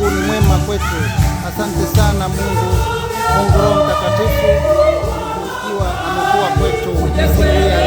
Mungu ni mwema kwetu. Asante sana Mungu, Mungu Roho Mtakatifu, ukiwa amekuwa kwetu.